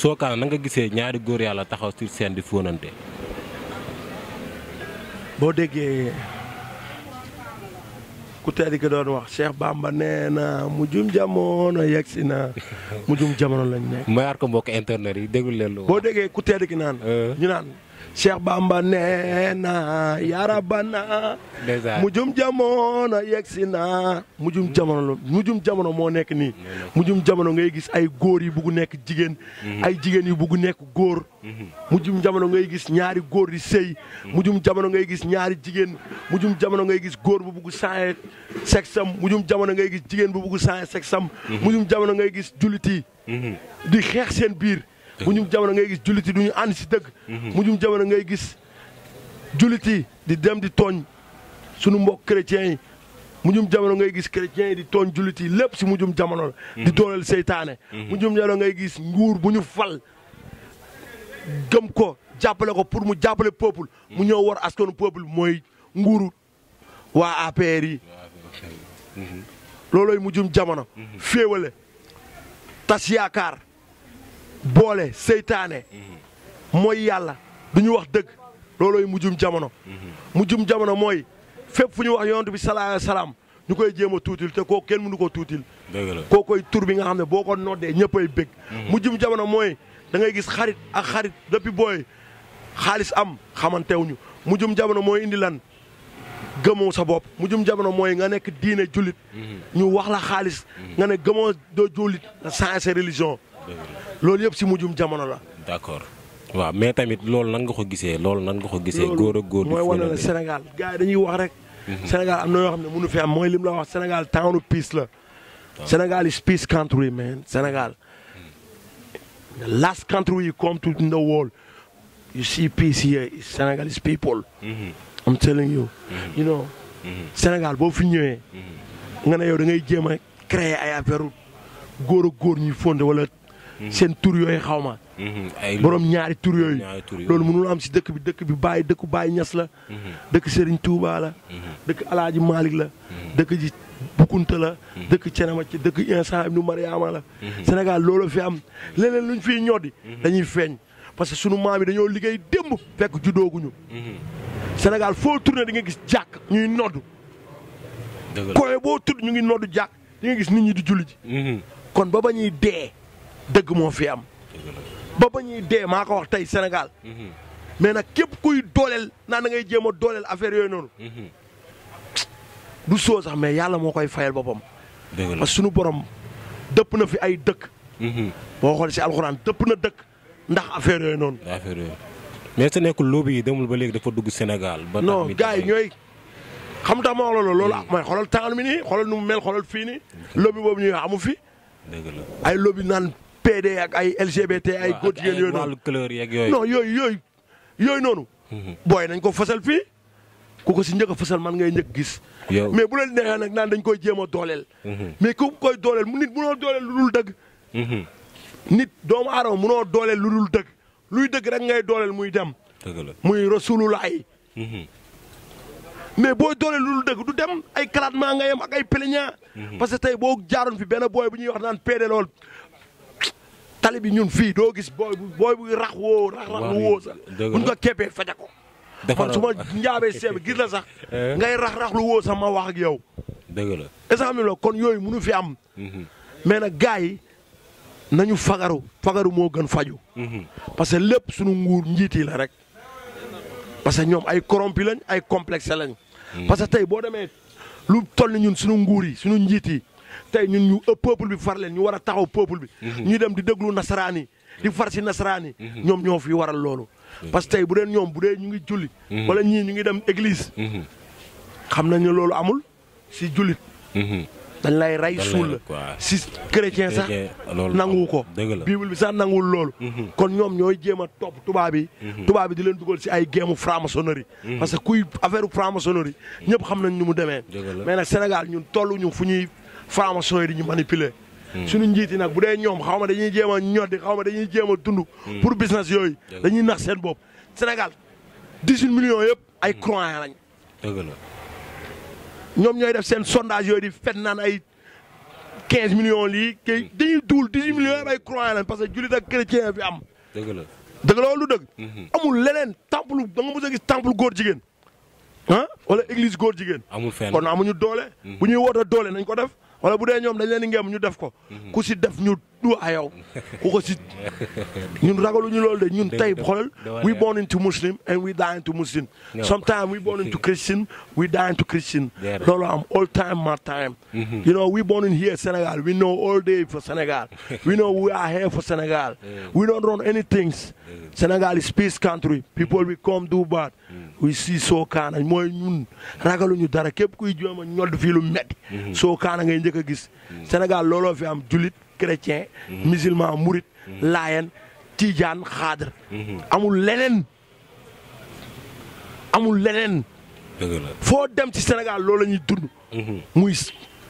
Sokane na nga gisee ñaari góor yàlla taxaw sur seen di fóonante. boo déggee ku tedd ki doon wax Cheikh Bamba nee na mujjum jamono yegg si na mujjum jamono lañ nekk. mayaar ko mbokk internet yi déglu leen lu. boo déggee ku tedd naan. Euh. ñu naan. Cheikh Bamba nee na yarabana mujum jamono yegsi na mujum jamono mujum jamono moo nekk nii mujum jamono ngay gis ay góor yi bugg nekk jigéen mhm. ay jigéen yi bugg nekk góor mhm. mujum jamono ngay gis ñaari góor di sëy mhm. mujum jamono ngay gis ñaari jigéen mujum jamono ngay gis góor bu bugg changé sexe am jamono ngay gis jigéen bu bugg changé sexe am mujum jamono ngay gis jullit yi di xeex seen biir mujjum jamono ngay gis jullit yi du ñu ànd si dëgg. Mhm. mujjum jamono ngay gis jullit yi di dem di tooñ sunu mbokk chrétiens yi mujjum jamono ngay gis chrétiens di tooñ jullit yi lépp si mujjum jamono la. Mhm. di dooleel seytaane. Mhm. mujjum jamono ngay gis nguur bu ñu fal gëm ko jàppale ko pour mu jàppale peuple. mu ñëw war askanu peuple mooy nguuru waa APR yi. loolooy mujjum jamono. féewale tas yaakaar. boole seytaane mm-hmm. mooy yàlla du ñu wax dëgg loolooy mujjum jamono mm-hmm. mujjum jamono mooy fépp fu ñu wax yonent bi salaa salaam ñu koy jéem a tuutil te ko kenn nu ko tuutil koo koy tur bi nga xam ne boo ko noddee ñëppay bég mm-hmm. mujjum jamono mooy da ngay gis xarit ak xarit depuis booy xaalis am xamantewuñu mujjum jamono mooy indi lan gëmoo sa bopp mujjum jamono mooy nga nekk diine jullit ñu wax la xaalis nga ne gëmoo doo jullit changé religion loolu yëpp si mujjum jamono la. d'accord waaw mais tamit loolu nan nga ko gisee loolu nan nga ko gisee. góor ak góor mooy wane la Sénégal gars dañuy wax rek. Mhm. Sénégal am na yoo xam ne mënu fi am mooy lim la wax Sénégal townu peace la. Ah. Sénégal is peace country man Sénégal. Hmm. the last country you come to in the world you see mhm. mhm. boo fi ñëwee. nga ne yow da ngay a créer ay affaire góor ak fonde wala Mhm. seen tur yooyu xaw ma. borom ñaari tur yooyu. loolu mënul am si dëkk bi dëkk bi Baye dëkk Baye Niass la. Mhm. dëkk Serigne Touba la. Mhm. dëkk El Hadj la. dëkk ji Bukunta la. dëkk Cenema ci dëkk Insa ibnu Mariama la. Sénégal loolu fi am leneen luñ fiy ñoddi. dañuy feeñ parce que sunu maam yi dañoo liggéey démb fekk juddooguñu. senegal foo tourné di nga gis jàkk ñuy noddu. dëgg boo tudd ñu ngi noddu jàkk di nga gis nit ñi di julli ji. kon ba ba ñuy dee. dëgg moo fi am. ba ba ñuy dee maa ko wax tey Sénégal. Mm-hmm. mais nag képp kuy dooleel naan na ngay jéem a dooleel affaire yooyu noonu. Mm-hmm. du soo sax mais yàlla moo koy fayal boppam. parce que sunu borom dëpp na fi ay dëkk. Mm-hmm. boo xool si alxuraan dëpp na dëkk ndax affaire yooyu noonu. affaire yooyu mais su nekkul loobu yi demul ba léegi dafa dugg senegal ba non gars yi ñooy xam tax ma wax loolu loolu mm. mooy xoolal tàngal mi nii xoolal nu mu mel xoolal fii nii. loobu boobu ñuy wax amu fi. ay loobu naan. PD ak ay LGBT ay góor jigéen yooyu noonu yooyu yooyu yooyu noonu mhm. booy nañ ko fasal fii ku ko si njëkk a man ngay njëkk gis mais bu leen neexee nag naan dañ koy jéem a dooleel mhm. mais ku koy dooleel nit munoo dooleel lu dul dëgg mhm. nit doomu aadama munoo dooleel lu dul dëgg luy dëgg rek ngay dooleel muy dem muy rasulullaay mais boo doole lu dëgg du dem ay kalaat maa nga yem ak ay plaignant parce que tey boo jaaroon fi benn booy bu ñuy wax naan péede lool tali bi ñun fii doo gis booy bu booy bu rax woo rax rax lu woo sax buñ ko keppee faja ko man su ma njaabee seeb gis la sax eh? ngay rax rax lu woo sax ma wax ak yow dëgg la exemple kon yooyu mënu fi am mm-hmm. mais nag gars yi nañu fagaru fagaru moo gën faju mm-hmm. parce que lépp suñu nguur njiit yi la rek parce que ñoom ay corrompu lañ ay complexe lañ mm-hmm. parce que tey boo demee lu toll ni ñun suñu nguur yi suñu njiit yi tey ñun ñu euh, peuple bi far leen ñu war a taxaw peuple bi. Mhm. ñu dem di déglu nasaraan yi di far si nasaraan mhm. ñoom ñoo fi waral loolu. Mhm. parce que bu dee ñoom bu dee ñu ngi julli. wala ñii ñu ngi dem église. xam nañ ne loolu amul si jullit. dañ lay rey suul la si chrétien sax nangu ko bible bi sax nanguwul loolu kon ñoom ñoo jéem a topp tubaab yi tubaab yi di leen dugal si ay géemu franc-maçonnerie parce que kuy affaire franc-maçonnerie ñëpp xam nañ ñu mu demee mais nag Sénégal ñun tolluñu franc-maçon yi di ñu manipuler. suñu njiit yi nag bu dee ñoom xaw ma dañuy jéem a ñoddi xaw ma dañuy jéem a dund. Hmm. pour business yooyu. dañuy nax seen bopp. Sénégal 18 million yëpp ay hmm. croyants lañ. dëgg la ñooy def seen sondage yooyu di fet naan ay quinze millions lii kay hmm. dañuy duul 18 millions yëpp ay croyants lañ parce que jullit ak chrétien fi am. dëgg la dëgg loolu dëgg. amul leneen temple da nga mos a gis temple góor jigéen. ah wala église góor jigéen. amul fenn kon amuñu doole. bu ñuy woote doole nañ ko def. wala budee ñoom dañ leen di ñu def ko. Mhm. ku si def ñu do ayaw ku ko si ñun ragaluñu loolu de ñun tey xoolal we born into muslim and we die into muslim sometimes we born into christian we die into christian loolu am all time my time mm-hmm. you know we born in here Senegal we know all day for Senegal we know we are here for Senegal we don't run anything Senegal is peace country people we come do bad mm. we see kaana mooy ñun ragaluñu dara képp kuy jooma ñodd fii lu metti mm-hmm. sookaana ngay njëkk a gis mm. Senegal loolo fi am julit chrétien mhm. musulman murit mhm. layan tiijaan xaadar mhm. amul leneen amul leneen foo dem ci Sénégal loolu la ñuy dund muy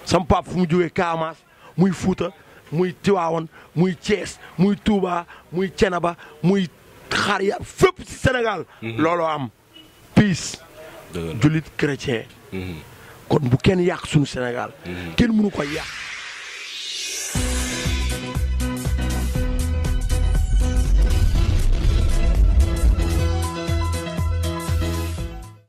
sam fu mu jógee Kaamaas muy Fuuta muy Tiwaawan muy Thiès muy Touba muy Cenaba muy xaar ya fépp ci Sénégal looloo am piis jullit chrétien kon bu kenn yàq suñu Sénégal kenn mënu ko yàq